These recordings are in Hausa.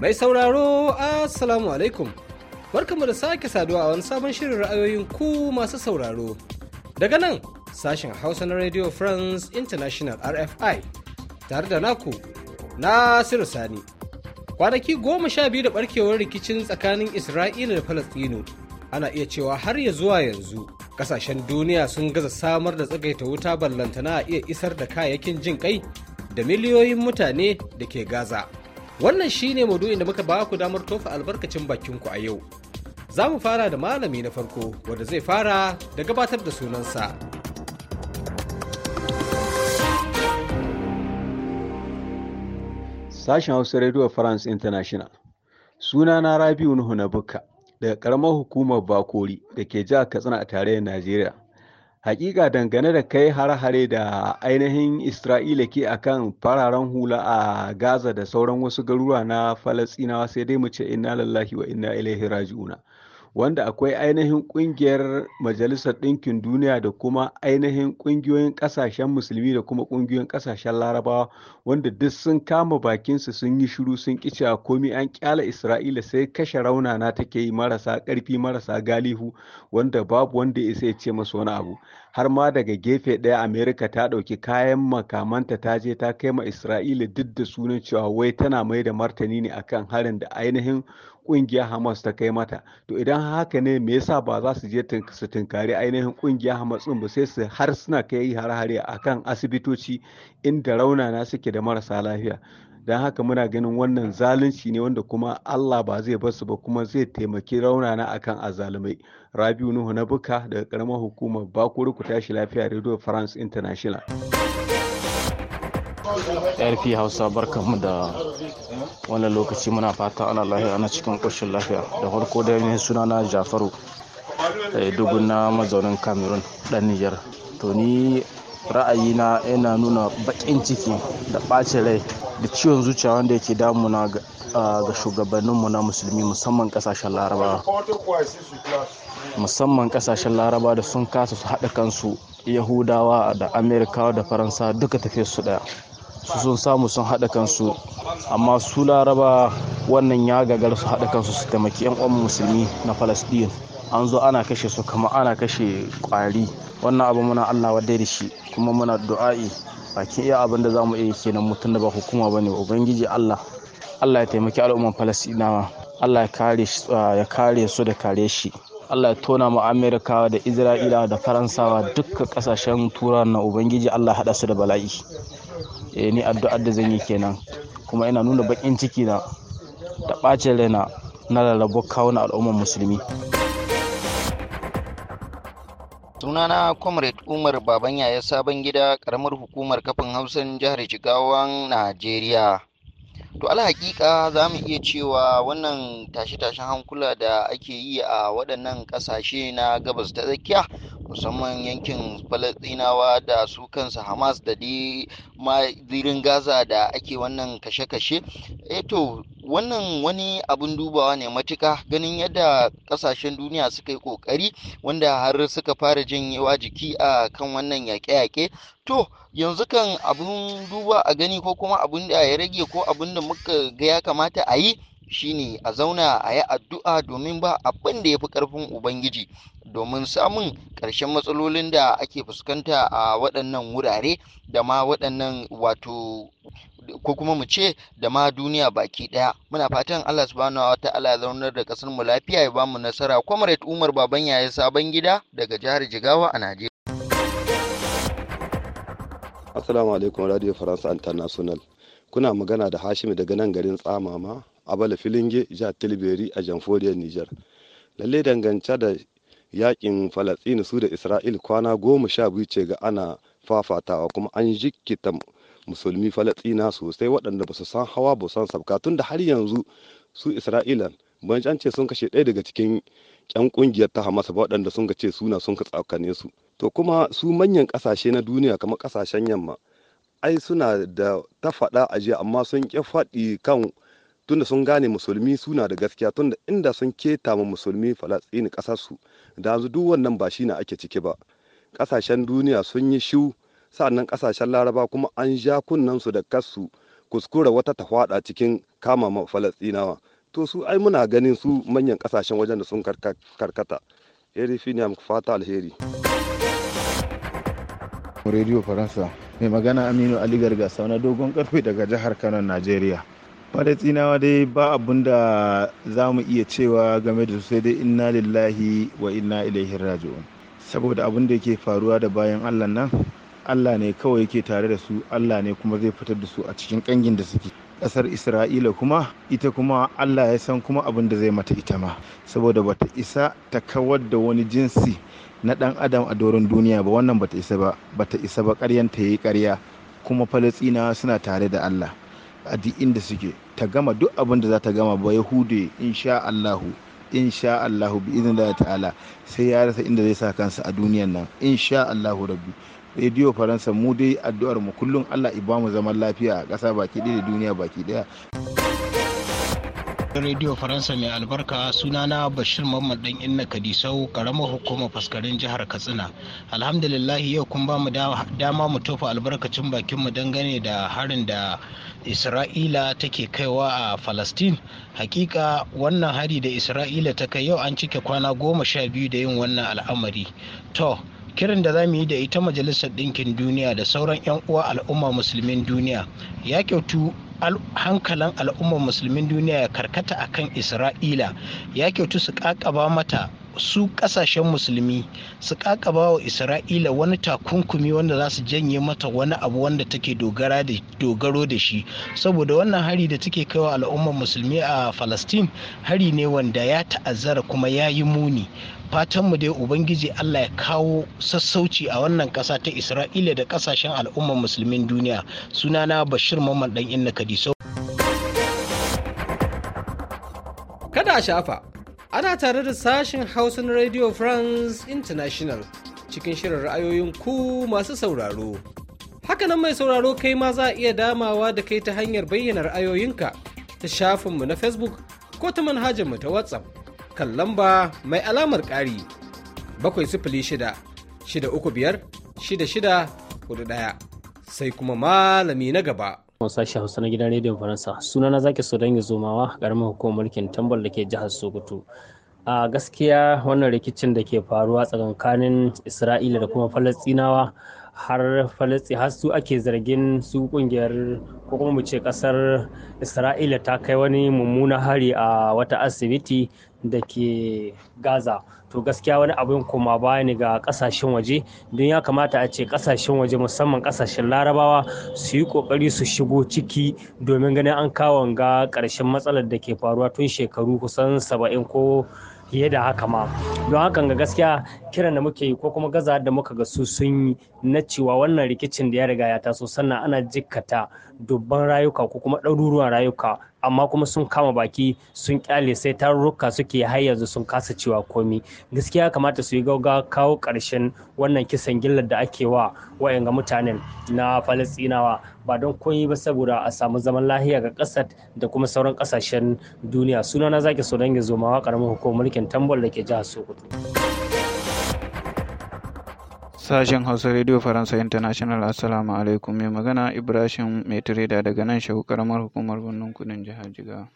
Mai sauraro Assalamu alaikum. Barkamu da sake saduwa a wani sabon shirin ra'ayoyin ku masu sauraro. Daga nan sashen Hausa na Radio France International RFI tare da naku Nasiru Sani. Kwanaki goma sha biyu da barkewar rikicin tsakanin Isra'ila da Falasɗinu, ana iya cewa har ya zuwa yanzu kasashen duniya sun gaza samar da tsagaita wuta ballantana a iya isar da kayayyakin jin kai da miliyoyin mutane da ke gaza wannan shine maudu'in da muka ba ku damar tofa albarkacin bakinku a yau za mu fara da malami na farko wanda zai fara da gabatar da sunansa sashen hausa radio france international sunana rabiu nuhu na buka daga karamar hukumar bakori da ke jihar katsina a tarayyar najeriya hakika dangane da kai har-hare da ainihin isra'ila ke akan fararen hula a gaza da sauran wasu garuruwa na falasinawa sai dai mu ce inna lallahi wa inna ilaihi raji'una wanda akwai ainihin kungiyar majalisar ɗinkin duniya da kuma ainihin kungiyoyin ƙasashen musulmi da kuma ƙungiyoyin ƙasashen larabawa wanda duk sun kama bakinsu sun yi shiru sun cewa komi an kyala isra'ila sai kashe raunana take yi marasa ƙarfi marasa galihu wanda babu wanda ya sai ce masu wani abu har ma daga gefe ɗaya amerika ta ɗauki kayan makamanta ta je ta kai ma isra'ila duk da sunan cewa wai tana mai da martani ne akan harin da ainihin kungiyar hamas ta kai mata to idan haka ne me yasa ba za su je su tunkari ainihin kungiyar hamas ɗin ba sai su har suna kai har-hare kan asibitoci inda raunana suke da marasa lafiya don haka muna ganin wannan zalunci ne wanda kuma Allah ba zai basu ba kuma zai taimaki raunana akan azalumai rabiu nuhu na buka daga karamar hukumar bakuru ku tashi lafiya radio france international rp hausa barkanmu da wannan lokaci muna fata ana lafiya na cikin ƙoshin lafiya da farko da yanayin suna na jafaru eh, dugun na mazaunin cameroon ɗan niger to ni na yana nuna baƙin ciki da ɓacin rai da ciwon zuciya wanda yake damuna ga shugabanninmu na musulmi musamman ƙasashen laraba musamman ƙasashen laraba da sun kasa su haɗa kansu yahudawa da amerikawa da faransa duka tafiye su ɗaya su sun samu sun haɗa kansu amma su laraba wannan ya gagar su haɗa kansu su taimaki 'yan uwan musulmi na palestine an zo ana kashe su kama ana kashe ƙwari wannan abu muna allah wadda da shi kuma muna du'a'i bakin iya abin da za mu iya kenan mutum da ba hukuma ba ne ubangiji allah allah ya taimaki al'umman palestinawa allah ya kare ah, su da kare shi Allah ya tona mu Amerika da Isra'ila da Faransawa duka kasashen turan na Ubangiji Allah haɗa su da bala'i. eh ni addu'ar da zan yi kenan kuma ina nuna bakin ciki na da ɓacin raina na kawo na al'ummar musulmi sunana comrade umar baban yaya sabon gida karamar hukumar kafin hausan jihar jigawan najeriya to alhaƙiƙa za mu iya cewa wannan tashe-tashen hankula da ake yi a waɗannan ƙasashe na gabas ta tsakiya musamman yankin falasɗinawa da su kansa hamas da zirin gaza da ake wannan kashe-kashe eto eh wannan wani abin dubawa ne matuka ganin yadda kasashen duniya suka yi kokari wanda har suka fara jin janyewa jiki a kan wannan yaƙe-yaƙe to yanzu kan abin duba a gani ko kuma abin da ya rage ko abin da muka ga ya kamata a yi shine a zauna a yi addu'a domin ba abin da ya fi ƙarfin ubangiji domin samun ƙarshen matsalolin da ake fuskanta a waɗannan wurare da ma waɗannan wato ko kuma mu ce da ma duniya baki ɗaya muna fatan Allah subhanahu wa ta'ala zaunar da kasar mu lafiya ya bamu nasara comrade Umar baban yaya sabon gida daga jihar Jigawa a Najeriya Assalamu alaikum Radio France International kuna magana da Hashim daga nan garin Tsamama a bala filinge jihar tilberi a jamforiyar nijar lalle dangance da yakin falatsini su da isra'il kwana goma sha biyu ce ga ana fafatawa kuma an jikita musulmi falatsina sosai waɗanda ba su san hawa ba san sabka tun da har yanzu su isra'ila ban ce sun kashe ɗaya daga cikin yan kungiyar ta hamasa ba waɗanda sun ce suna sun ka tsakane su to kuma su manyan ƙasashe na duniya kamar kasashen yamma ai suna da ta faɗa a jiya amma sun ƙi faɗi kan tunda sun gane musulmi suna da gaskiya tunda inda sun keta ma musulmi falasini kasarsu da yanzu duk wannan ba shi na ake ciki ba kasashen duniya sun yi shiu sa'annan kasashen laraba kuma an ja kunnensu da kassu kuskura wata ta fada cikin kama ma falastinawa to su ai muna ganin su manyan kasashen wajen da sun karkata eri finiam fata alheri radio faransa mai magana aminu ali gargasa na dogon karfe daga jihar kano nigeria. tsinawa dai ba abun da za mu iya cewa game da su sai dai inna lillahi wa inna ilaihi raji'un. Saboda abin da yake faruwa da bayan Allah nan, Allah ne kawai yake tare da su, Allah ne kuma zai fitar da su a cikin kangin da suke. ƙasar isra'ila kuma ita kuma allah ya san kuma abin da zai mata ita ma saboda bata isa ta kawar da wani jinsi na dan adam a doron duniya ba wannan bata isa ba bata isa ba karyanta ya yi karya kuma falastina suna tare da allah a duk inda suke ta gama duk abin da za ta gama ba yahude insha Allahu insha Allahu bi da ta'ala sai ya rasa inda zai sa kansa a duniyan nan insha Allahu rabbi rediyo faransa mu dai addu'ar mu kullum Allah i bamu zaman lafiya a ƙasa baki ɗaya da duniya baki ɗaya gidan rediyo faransa mai albarka sunana bashir mamman dan inna kadisau karamar hukumar faskarin jihar katsina alhamdulillah yau kun ba mu dama mu tofa albarkacin bakin mu dangane da harin da isra'ila take kaiwa a falastin hakika wannan hari da isra'ila ta kai yau an cike kwana goma sha biyu da yin wannan al'amari to kirin da za mu yi da ita majalisar ɗinkin duniya da sauran 'yan uwa al'umma musulmin duniya ya kyautu Hankalin al'ummar musulmin duniya ya karkata a kan isra'ila ya kyautu su kakaba mata su kasashen musulmi su kakaba wa isra'ila wani takunkumi wanda za su janye mata wani abu wanda take dogaro da shi saboda wannan hari da take kaiwa al'ummar musulmi a falastin hari ne wanda ya ta'azzara kuma ya yi muni fatanmu dai ubangiji allah ya kawo sassauci a wannan ƙasa ta isra'ila da ƙasashen al'ummar musulmin duniya sunana bashir mamman dan inna kadiso kada shafa ana tare da sashen hausan radio france international cikin shirin ra'ayoyin ku masu sauraro hakanan mai sauraro kai ma za a iya damawa da kai ta hanyar bayyana ra'ayoyinka ta shafinmu na facebook ko ta manhajar mu ta whatsapp kan lamba mai alamar ƙari bakwai sifili shida shida uku biyar shida shida hudu ɗaya sai kuma malami na gaba. sashi hausa na gidan rediyon faransa suna na zaki so dangi zomawa karamin hukumar mulkin tambal da ke jihar sokoto a gaskiya wannan rikicin da ke faruwa tsakankanin isra'ila da kuma falastinawa har falasti har su ake zargin su kungiyar ko kuma mu ce kasar isra'ila ta kai wani mummunan hari a wata asibiti da ke gaza to gaskiya wani abin kuma baya ne ga kasashen waje don ya kamata a ce kasashen waje musamman kasashen larabawa su yi kokari su shigo ciki domin ganin an kawon ga karshen matsalar da ke faruwa tun shekaru kusan saba'in ko fiye da haka ma don hakan ga gaskiya kiran da muke yi ko kuma gaza da muka ga su sun yi na cewa wannan rikicin da ya riga ya taso sannan ana jikkata dubban rayuka ko kuma ɗaruruwan rayuka amma kuma sun kama baki sun kyale sai tarurruka suke har yanzu sun kasa cewa komi gaskiya kamata su yi gauga kawo ƙarshen wannan kisan gillar da ake wa wayanga mutanen na falastinawa ba don koyi ba saboda a samu zaman lahiya ga ƙasar da kuma sauran ƙasashen duniya sunana zaki so dangi zoma wa ƙaramin hukumar mulkin tambol da ke jihar sokoto. Sashen Hausa Radio Faransa International Assalamu alaikum mai magana Ibrahim mai tireda daga nan shehu karamar hukumar birnin kudin jihar Jigawa.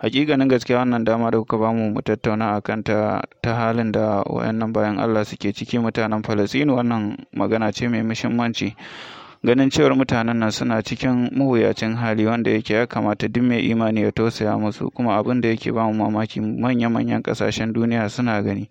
Hakikanin gaskiya wannan dama da kuka bamu mu tattauna a kanta ta halin da wayannan bayan Allah suke ciki mutanen Falasinu wannan magana ce mai muhimmanci. Ganin cewar mutanen nan suna cikin mawuyacin hali wanda yake ya kamata duk mai imani ya tausaya musu kuma abin da yake bamu mamaki manya-manyan kasashen duniya suna gani.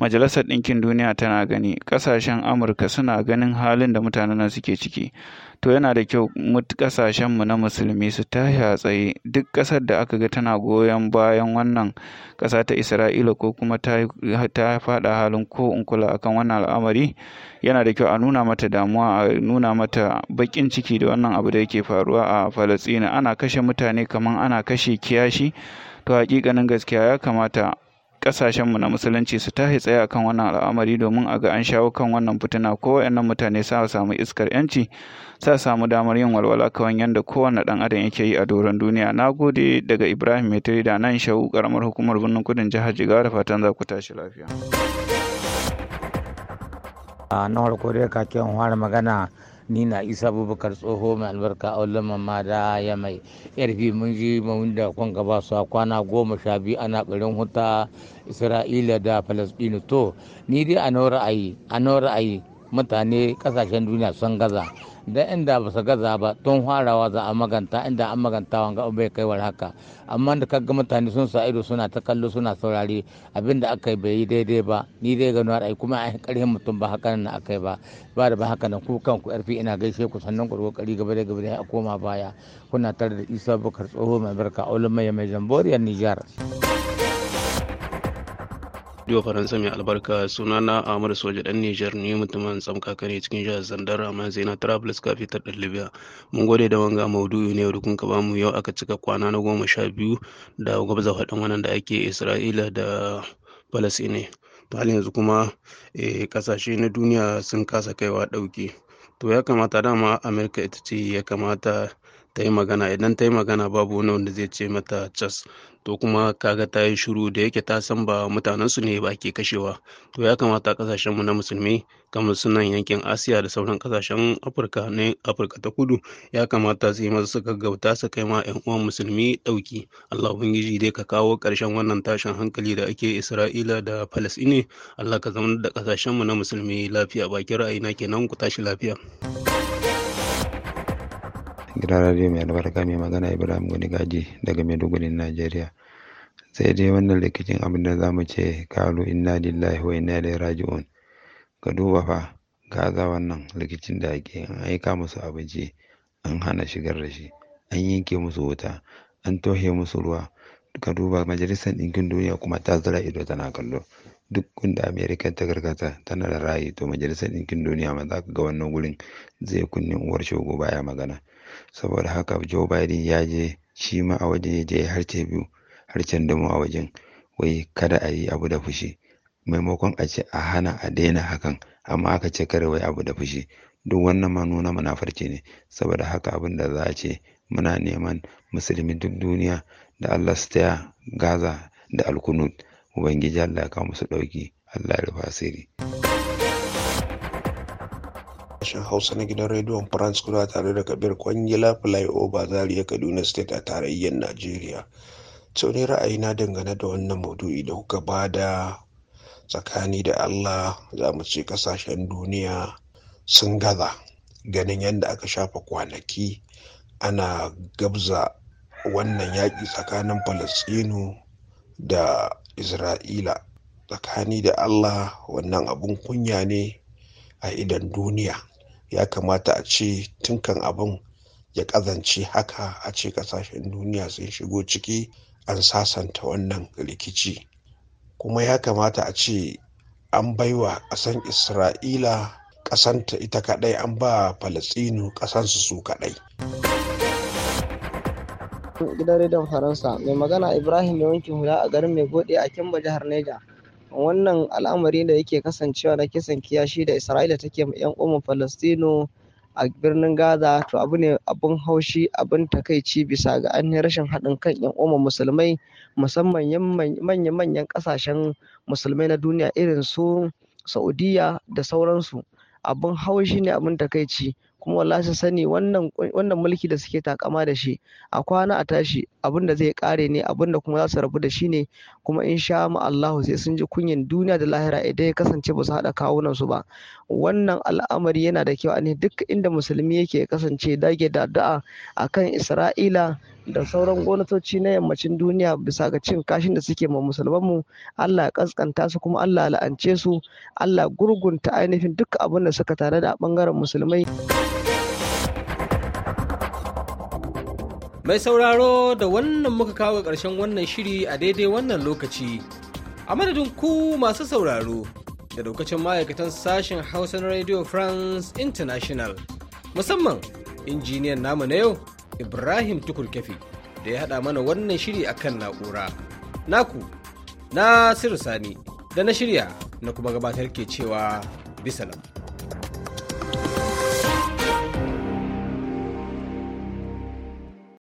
Majalisar Ɗinkin Duniya tana gani, ƙasashen Amurka suna ganin halin da mutanen nan suke ciki. To yana da kyau ƙasashenmu na musulmi su ta a tsaye duk ƙasar da aka ga tana goyon bayan wannan ƙasa ta Isra'ila ko kuma ta faɗa halin ko in kula akan wannan al'amari yana da kyau a nuna mata damuwa a nuna mata baƙin ciki da wannan abu da yake faruwa a Falasɗina ana kashe mutane kamar ana kashe kiyashi to hakikanin gaskiya ya kamata kasashenmu na musulunci su tahi tsaye akan wannan al'amari domin a ga an shawo kan wannan fitina ko wayannan mutane sa samu iskar yanci sa samu damar yin walwala kawai yadda kowane dan adam yake yi a doron duniya na gode daga ibrahim metri da nan shawu karamar hukumar birnin kudin jihar jigawa da fatan za ku tashi lafiya a na farko dai magana ni na isa abubakar tsoho mai albarka a wallan mamma da ya mai yarfi mun ji mun da kwan gaba su a kwana goma sha biyu ana ɓarin huta isra'ila da falasɗinu to ni dai a nau ra'ayi ra'ayi mutane ƙasashen duniya sun gaza da inda ba su gaza ba tun farawa za a maganta inda an maganta wanga bai kai war haka amma da kaga mutane sun sa ido suna ta kallo suna saurari abin da aka yi bai yi daidai ba ni dai ga ai kuma a karhin mutum ba haka nan aka yi ba ba da ba haka nan ku kanku yarfi ina gaishe ku sannan ku kokari gaba da gaba da a koma baya kuna tare da Isa Bukar tsoho mai barka aulun mai mai jamboriyar Nijar. Radio Faransa mai albarka suna na amur Soja dan Niger ne mutumin tsamkaka ne cikin jihar Zandar amma zaina na Travelers fitar ta Libya. Mun gode da wanga maudu'i ne da kun ka bamu yau aka cika kwana na goma sha biyu da gwabza faɗin wannan da ake Isra'ila da to hali yanzu kuma kasashe eh, na duniya sun kasa kaiwa ɗauki. To ya kamata dama Amurka ita ce ya kamata ta yi magana idan ta yi magana babu wani wanda zai ce mata cas to kuma kaga ta yi shiru da yake ta san ba mutanensu ne ba ke kashewa to ya kamata kasashenmu na musulmi kamar sunan yankin asiya da sauran kasashen afirka ne afirka ta kudu ya kamata su yi masu suka gauta su kai ma yan uwan musulmi dauki allah ubangiji dai ka kawo karshen wannan tashin hankali da ake isra'ila da palestine allah ka zama da kasashenmu na musulmi lafiya bakin ra'ayi na kenan ku tashi lafiya. gidan radio mai albarka mai magana ibrahim gani gaji daga maiduguri najeriya sai dai wannan rikicin abin da zamu ce kalu inna lillahi wa inna ilaihi raji'un ka duba fa za wannan rikicin da ake an aika musu abinci an hana shigar da shi an yanke musu wuta an tohe musu ruwa ka duba majalisar ɗinkin duniya kuma ta zura ido tana kallo duk gunda amerika ta gargata tana da ra'ayi to majalisar ɗinkin duniya ma za ka ga wannan gurin zai kunnin uwar shogo baya magana saboda haka Joe Biden ya je shi ma a waje ya je harce biyu harcen dumo a wajen wai kada a yi abu da fushi maimakon a ce a hana a daina hakan amma aka ce kare wai abu da fushi duk wannan ma nuna farce ne saboda haka abin da za a ce muna neman musulmi duk duniya da Allah su Gaza da alkunut Ubangiji Allah ya kawo musu dauki. Allah ya rufa asiri. Sashen Hausa na gidan rediyon France kuna tare da Kabir Kwangila Flyover Zaria Kaduna State a tarayyar Najeriya. Sau ne na dangane da wannan maudu'i da kuka ba da tsakani da Allah za mu ce kasashen duniya sun gaza ganin yadda aka shafa kwanaki ana gabza wannan yaƙi tsakanin Falasɗinu da Isra'ila. Tsakani da Allah wannan abun kunya ne a idan duniya ya kamata a ce tunkan abin ya kazance haka a ce kasashen duniya sun shigo ciki an sasanta wannan rikici kuma ya kamata a ce an baiwa ƙasan isra'ila ƙasanta ita kaɗai an ba falastinu ƙasansu su kaɗai gidan rediyon faransa mai magana ibrahim ya wanke hula a garin mai gode a kimba jihar neja wannan al'amari da yake kasancewa na kisan kiyashi da isra'ila take ma 'yan umar falastino a birnin gaza to abu ne abun haushi abun takaici bisa ga an rashin haɗin kan 'yan umar musulmai musamman manya-manyan ƙasashen musulmai na duniya irin su saudiya da sauransu Abin haushi ne abun takaici kuma wallahi sun sani wannan wannan mulki da suke takama da shi a kwana a tashi abin da zai kare ne abin da kuma za su rabu da shi ne kuma in sha mu Allah sai sun ji kunyan duniya da lahira idan ya kasance ba su haɗa kawunan su ba wannan al'amari yana da kyau a ne duk inda musulmi yake ya kasance dage da addu'a akan Isra'ila da sauran gwamnatoci na yammacin duniya bisa ga cin kashin da suke ma musulmanmu Allah ya kaskanta su kuma Allah la'ance su Allah gurgunta ainihin duk abin da suka tare da bangaren musulmai mai sauraro da wannan muka kawo ƙarshen wannan shiri a daidai wannan lokaci a madadin ku masu sauraro da lokacin ma'aikatan sashen hausa na radio france international musamman injiniyan namu na yau Ibrahim Tukurkefi da ya haɗa mana wannan shiri a kan na'ura. Naku, na Sani da na shirya na kuma gabatar ke cewa bisalam.